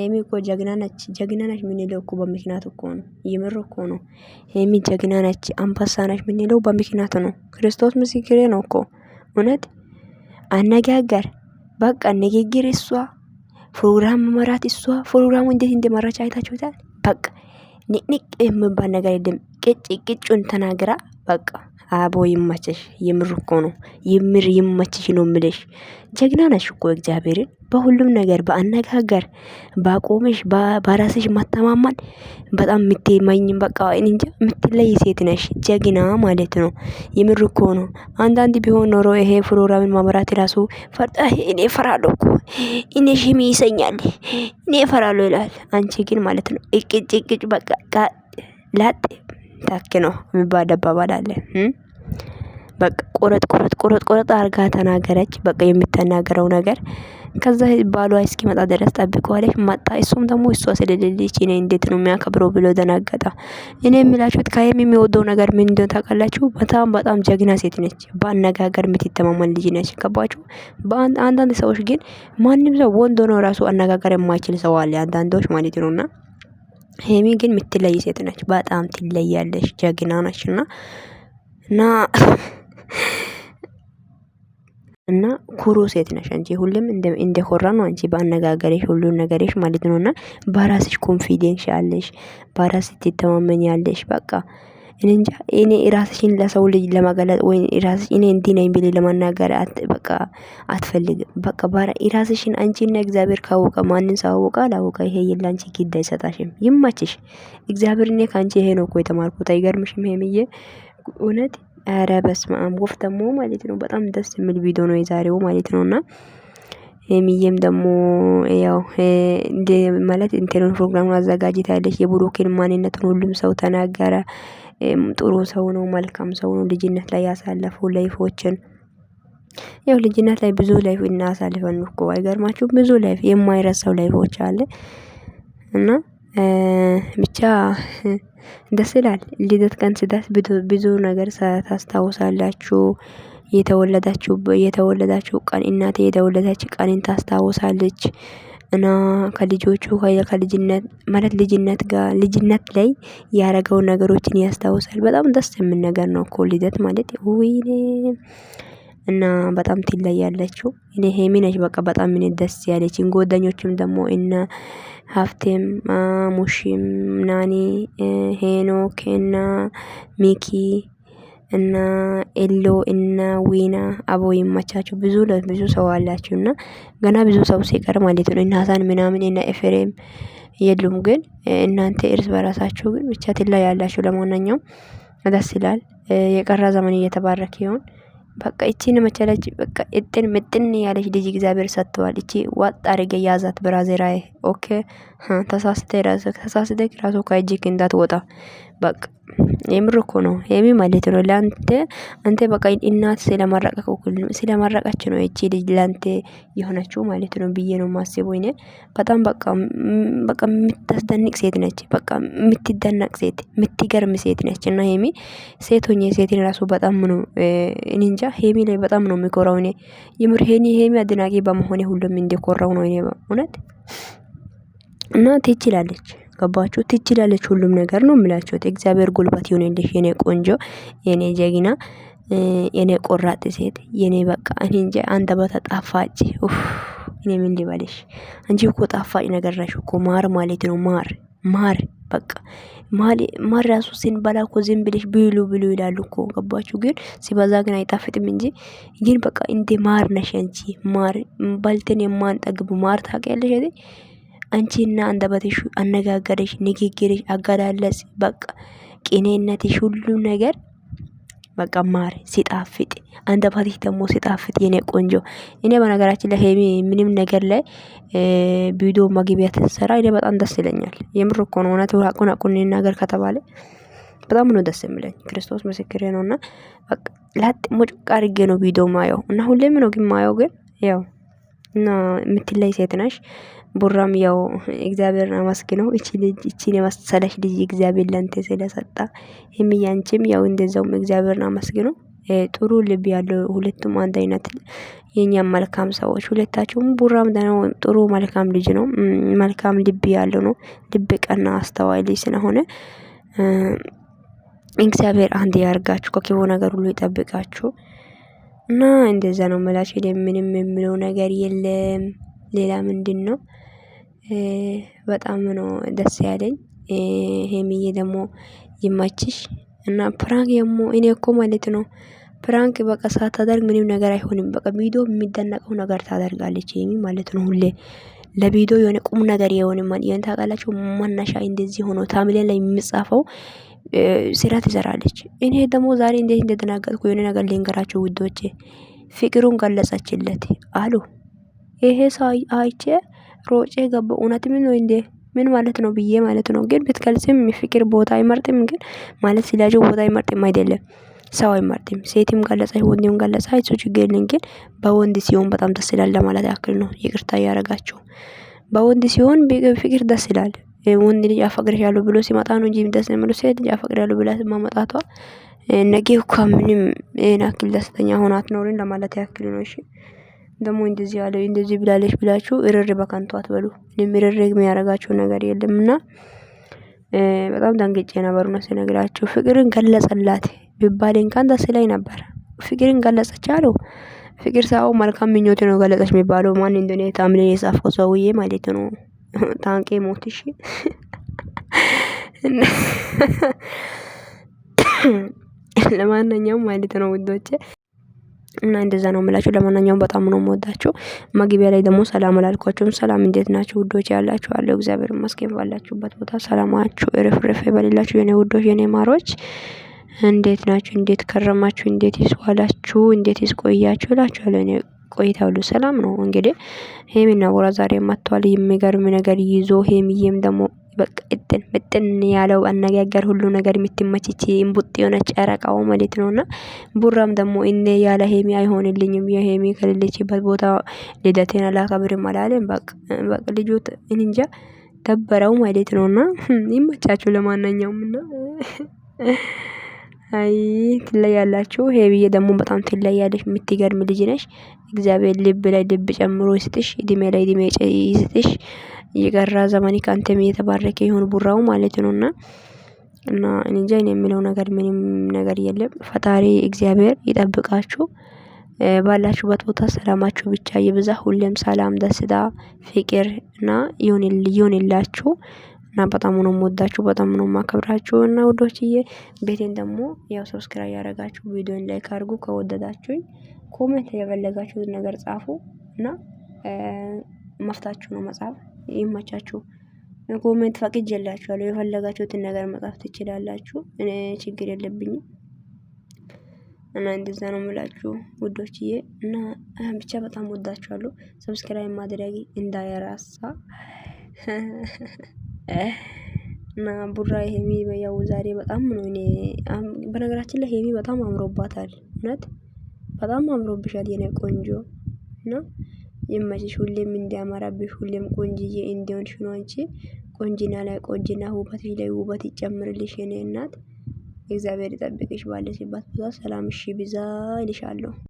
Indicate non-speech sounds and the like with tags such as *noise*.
ሄሚ እኮ ጀግና ነች። ጀግና ነች የምንለው እኮ በምክንያት እኮ ነው። የምር እኮ ነው። ሄሚ ጀግና ነች፣ አንበሳ ነች የምንለው በምክንያት ነው። ክርስቶስ ምስክሬ ነው እኮ እውነት አነጋገር፣ በቃ ንግግር፣ እሷ ፕሮግራም መራት፣ እሷ ፕሮግራሙ እንዴት እንደመራች አይታችሁታል። በቃ ንቅንቅ የምባል ነገር የለም። ቅጭ ቅጩን ተናግራ በቃ አቦ ይመችሽ። የምር እኮ ነው። የምር ይመችሽ ነው ምልሽ። ጀግና ነሽ እኮ እግዚአብሔርን በሁሉም ነገር በአነጋገር በአቆምሽ በራስሽ ማተማመን በጣም የምትመኝ በቃ እንጃ የምትለይ ሴት ነሽ፣ ጀግና ማለት ነው። የምር እኮ ነው። አንዳንድ ቢሆን ኖሮ ይሄ ፕሮግራምን ማምራት ራሱ ፈርጣ እኔ ፈራለሁ እኮ እኔ ሽሚ ይሰኛል እኔ ፈራለሁ ይላል። አንቺ ግን ማለት ነው እቅጭ እቅጭ በቃ ላጥ ታክ ነው የሚባል አባባል አለ። በቃ ቆረጥ ቆረጥ ቆረጥ ቆረጥ አርጋ ተናገረች። በቃ የምትናገረው ነገር ከዛ ባሏ እስኪመጣ ድረስ ጠብቀዋለች። መጣ። እሱም ደግሞ እሷ ስለሌለች እኔ እንዴት ነው የሚያከብረው ብሎ ደናገጠ። እኔ የሚላችሁት ከሀይሚ የሚወደው ነገር ምን እንደሆነ ታውቃላችሁ? በጣም በጣም ጀግና ሴት ነች። በአነጋገር የምትተማመን ልጅ ነች። ገባችሁ? አንዳንድ ሰዎች ግን ማንም ሰው ወንድ ሆኖ ራሱ አነጋገር የማይችል ሰው አለ፣ አንዳንዶች ማለት ነው። ነውና ሀይሚ ግን የምትለይ ሴት ነች። በጣም ትለያለች። ጀግና ነች እና እና *laughs* እና ኩሩ ሴት ነሽ አንቺ። ሁሌም እንደኮራ ነው አንቺ በአነጋገርሽ ሁሉ ነገርሽ ማለት ነው። እና በራስሽ ኮንፊደንስ ያለሽ በራስ ትተማመን ያለሽ በቃ እኔ እንጃ እኔ ራስሽን ለሰው ልጅ ለማገለጥ ወይ ራስሽ እኔ እንዲህ ነኝ ብለሽ ለማናገር በቃ አትፈልግም። በቃ ባራ ራስሽን አንቺና እግዚአብሔር ካወቀ ማንን ሰው ሳወቀ አላወቀ ይሄ የላንቺ ግድ አይሰጣሽም። ይማችሽ እግዚአብሔር እኔ ካንቺ ይሄ ነው እኮ የተማርኩት አይገርምሽም? ሄምዬ እውነት ኧረ በስመአብ ወፍ ደግሞ ማለት ነው። በጣም ደስ የሚል ቪዲዮ ነው የዛሬው ማለት ነው። እና የሚየም ደግሞ ያው እንደ ማለት ኢንተርቪው ፕሮግራሙን አዘጋጅታለች። የብሩኬን ማንነቱን ሁሉም ሰው ተናገረ። ጥሩ ሰው ነው፣ መልካም ሰው ነው። ልጅነት ላይ ያሳለፈው ላይፎችን ያው ልጅነት ላይ ብዙ ላይፍ እናሳልፈን እኮ አይገርማችሁ? ብዙ ላይፍ የማይረሳው ላይፎች አለ እና ብቻ ደስ ይላል። ልደት ቀን ሲደርስ ብዙ ነገር ታስታውሳላችሁ። የተወለዳችሁ የተወለዳችሁ ቀን እናቴ የተወለዳችሁ ቀኔን ታስታውሳለች። እና ከልጆቹ ከልጅነት ማለት ልጅነት ጋር ልጅነት ላይ ያደረገውን ነገሮችን ያስታውሳል በጣም ደስ የሚል ነገር ነው። እኮ ልደት ማለት ውይ እና በጣም ትለያለችው። እኔ ሄሚ ነች በቃ በጣም ምን ደስ ያለች። ጓደኞችም ደግሞ እና ሀፍቴም፣ ሙሺም፣ ናኒ፣ ሄኖክ እና ሚኪ እና ኤሎ እና ዊና አቦ ይመቻችሁ። ብዙ ብዙ ሰው አላችሁ እና ገና ብዙ ሰው ሲቀር ማለት ነው እና ሀሳን ምናምን እና ኤፍሬም የሉም ግን እናንተ እርስ በራሳችሁ ግን ብቻ ትለያላችሁ። ለማንኛውም ደስ ይላል። የቀረ ዘመን እየተባረከ ይሆን። በቃ እቺን መቸለች። በቃ እጥን ምጥን ያለች ልጅ እግዚአብሔር ሰጥተዋል። እቺ ዋጥ አድርገ ያዛት ብራዜራዬ። ኦኬ ተሳስተ ራስህ ተሳስተ ራሱ ከእጅክ ወጣ በቃ የምር እኮ ነው። የሚ ማለት ነው ላንተ አንተ በቃ እናት ስለመረቀቅ ሁሉ ስለመረቀች ነው እቺ ልጅ ላንተ የሆነችው ማለት ነው ብዬ ነው ማስበው። ይኔ በጣም በቃ በቃ የምታስደንቅ ሴት ነች። በቃ የምትደነቅ ሴት፣ የምትገርም ሴት ነች። እና ሄሚ ሴት ሆኜ ሴትን ራሱ በጣም ነው እኔ እንጃ ሄሚ ላይ በጣም ነው የሚኮራው። እኔ የምር ሄኒ ሄሚ አድናቂ በመሆኔ ሁሉም እንደኮራው ነው እኔ እውነት እና ትችላለች። ገባችሁ? ትችላለች። ሁሉም ነገር ነው የምላችሁት። እግዚአብሔር ጉልበት ይሁንልሽ የኔ ቆንጆ፣ የኔ ጀግና፣ የኔ ቆራጥ ሴት፣ የኔ በቃ እኔ እንጂ አንተ በታ ጣፋጭ ኡፍ፣ እኔ ምን ልበልሽ? አንቺ እኮ ጣፋጭ ነገር ነሽ እኮ ማር ማለት ነው። ማር ማር በቃ ማር ራሱ ስንበላ እኮ ዝም ብለሽ ብሉ ብሉ ይላሉ እኮ ገባችሁ? ግን ሲበዛ ግን አይጣፍጥም እንጂ ግን በቃ እንዴ ማር ነሽ አንቺ። ማር በልተን የማንጠግብ ማር ታውቂያለሽ አይደል? አንቺና አንደበትሽ፣ አነጋገርሽ፣ ንግግርሽ፣ አገላለጽ በቃ ቅኔነትሽ፣ ሁሉም ነገር በቃ ማር ሲጣፍጥ አንደበትሽ ደግሞ ሲጣፍጥ የኔ ቆንጆ። እኔ በነገራችን ላይ ምንም ነገር ላይ ቪዲዮ መግቢያ ተሰራ እኔ በጣም ደስ ይለኛል። የምር እኮ ነው። እውነት ሀቁን ሀቁን ነገር ከተባለ በጣም ነው ደስ የሚለኝ። ክርስቶስ ምስክሬ ነው። እና ላጥ ሙጭቅ አድርጌ ነው ቪዲዮ ማየው እና ሁሌም ነው ግን ማየው ግን ያው እና የምትለይ ሴት ነሽ ቡራም ያው እግዚአብሔርን አመስግነው እቺ ልጅ እቺን የመሰለሽ ልጅ እግዚአብሔር ለንተ ስለሰጣ የሚያንቺም ያው እንደዛውም እግዚአብሔርን አመስግነው። ጥሩ ልብ ያለው ሁለቱም አንድ አይነት የኛም መልካም ሰዎች ሁለታቸውም። ቡራም ደግሞ ጥሩ መልካም ልጅ ነው። መልካም ልብ ያለው ነው። ልብ ቀና አስተዋይ ልጅ ስለሆነ እግዚአብሔር አንድ ያርጋችሁ፣ ከክፉ ነገር ሁሉ ይጠብቃችሁ እና እንደዛ ነው መላሽ። ምንም የምለው ነገር የለም። ሌላ ምንድን ነው? በጣም ነው ደስ ያለኝ። ሄምዬ ደግሞ ይማችሽ እና ፕራንክ ደግሞ እኔ እኮ ማለት ነው ፕራንክ በቃ ሳታደርግ ምንም ነገር አይሆንም። በቃ ቪዲዮ የሚደነቀው ነገር ታደርጋለች ሄሚ ማለት ነው። ሁሌ ለቪዲዮ የሆነ ቁም ነገር የሆነ ማን ታውቃላችሁ መነሻ እንደዚህ ሆኖ ታምሌል ላይ የሚጻፈው ስራ ትሰራለች። እኔ ደግሞ ዛሬ እንዴት እንደተናገርኩ የሆነ ነገር ልንገራችሁ ውዶቼ። ፍቅሩን ገለጸችለት አሉ ይሄ ሰው አይቼ ሮጬ ገባው ምን ነው እንዴ ምን ማለት ነው ብዬ ማለት ነው። ግን ብትገልጽም ፍቅር ቦታ አይመርጥም ግን ማለት ሲላቸው ቦታ አይመርጥም አይደለም ሰው አይመርጥም። ሴትም ገለጻ ወንድም ገለጻ እሱ ችግር የለም። ግን በወንድ ሲሆን በጣም ደስ ይላል ለማለት ያክል ነው። ይቅርታ እያደረጋችሁ በወንድ ሲሆን ፍቅር ደስ ይላል። ወንድ ልጅ አፈቅርሻለሁ ብሎ ሲመጣ ነው እንጂ ደስ የሚለው ሴት ልጅ አፈቅርሻለሁ ብላ ማመጣቷ ነገ እኮ ምንም ይሄን ያክል ደስተኛ ሆና አትኖርም ለማለት ያክል ነው። እሺ ደግሞ እንደዚህ ያለው እንደዚህ ብላለች ብላችሁ እርር በከንቱ አትበሉ። ምንም እርር የሚያደርጋችሁ ነገር የለምና በጣም ደንግጬ ነበር ነው ስነግራችሁ። ፍቅርን ገለጸላት ቢባል እንኳን ደስ ይለኝ ነበር። ፍቅርን ገለጸች አለው። ፍቅር ሰው መልካም ምኞት ነው ገለጸች የሚባለው ማን እንደሆነ ታምሌ የጻፈው ሰውዬ ማለት ነው። ታንቄ ሞት እሺ ለማንኛውም ማለት ነው ውዶቼ እና እንደዛ ነው የምላችሁ። ለማናኛውም በጣም ነው የምወዳችሁ። መግቢያ ላይ ደግሞ ሰላም አላልኳችሁም። ሰላም እንዴት ናችሁ ውዶች? ያላችሁ አለው እግዚአብሔር ይመስገን። ባላችሁበት ቦታ ሰላማችሁ እርፍርፍ በሌላችሁ የኔ ውዶች የኔ ማሮች እንዴት ናችሁ? እንዴት ከረማችሁ? እንዴት ይስዋላችሁ? እንዴት ይስቆያችሁ? እላችኋለሁ። እኔ ቆይታ ሁሉ ሰላም ነው። እንግዲህ ሄሚና ቦራ ዛሬ መጥተዋል። የሚገርም ነገር ይዞ ሄሚዬም ደግሞ በቃ እጥን ምጥን ያለው አነጋገር ሁሉ ነገር የምትመችች እንቡጥ የሆነ ጨረቃው ማለት ነው። እና ቡራም ደግሞ እነ ያለ ሄሚ አይሆንልኝም የሄሚ ከሌለችበት ቦታ ልደቴን አላከብርም አላለም። በቅ ልጆት እንንጃ ደበረው ማለት ነው። እና ይመቻችሁ ለማናኛውም እና አይ ትለያላችሁ። ሄብዬ ደግሞ በጣም ትለያለሽ። የምትገርም ልጅ ነሽ። እግዚአብሔር ልብ ላይ ልብ ጨምሮ ይስጥሽ፣ እድሜ ላይ እድሜ ይስጥሽ። የቀራ ዘመን ከአንተም እየተባረከ ይሁን ቡራው ማለት ነውና እና እንጃ የሚለው ነገር ምንም ነገር የለም። ፈጣሪ እግዚአብሔር ይጠብቃችሁ። ባላችሁበት ቦታ ሰላማችሁ ብቻ ይብዛ። ሁሌም ሰላም፣ ደስታ፣ ፍቅር እና ይሁንላችሁ። እና በጣም ነው የምወዳችሁ፣ በጣም ነው የማከብራችሁ እና ውዶችዬ ቤቴን ደግሞ ያው ሰብስክራይብ ያደረጋችሁ ቪዲዮን ላይክ አድርጉ። ከወደዳችሁኝ ኮሜንት የፈለጋችሁትን ነገር ጻፉ እና መፍታችሁ ነው መጻፍ ይመቻችሁ። ኮሜንት ፈቅጄላችኋለሁ። የፈለጋችሁትን ነገር መጻፍ ትችላላችሁ። እኔ ችግር የለብኝም እና እንደዛ ነው የምላችሁ ውዶችዬ እና ብቻ በጣም ወዳችኋለሁ። ሰብስክራይብ ማድረግ እንዳይረሳ። *laughs* እና ቡራ ሄሚ ያው ዛሬ በጣም ነው እኔ በነገራችን ላይ ሄሚ በጣም አምሮባታል። እውነት በጣም አምሮብሻል የኔ ቆንጆ እና የማይሽ ሁሌም እንዲያመራብሽ ሁሌም ቆንጅዬ እንዲሆንሽ ነው። አንቺ ቆንጅና ላይ ቆንጅና ውበትሽ ላይ ውበት ይጨምርልሽ የኔ እናት። እግዚአብሔር ይጠብቅሽ ባለሽባት ቦታ ሰላምሽ ይብዛ ይልሻለሁ።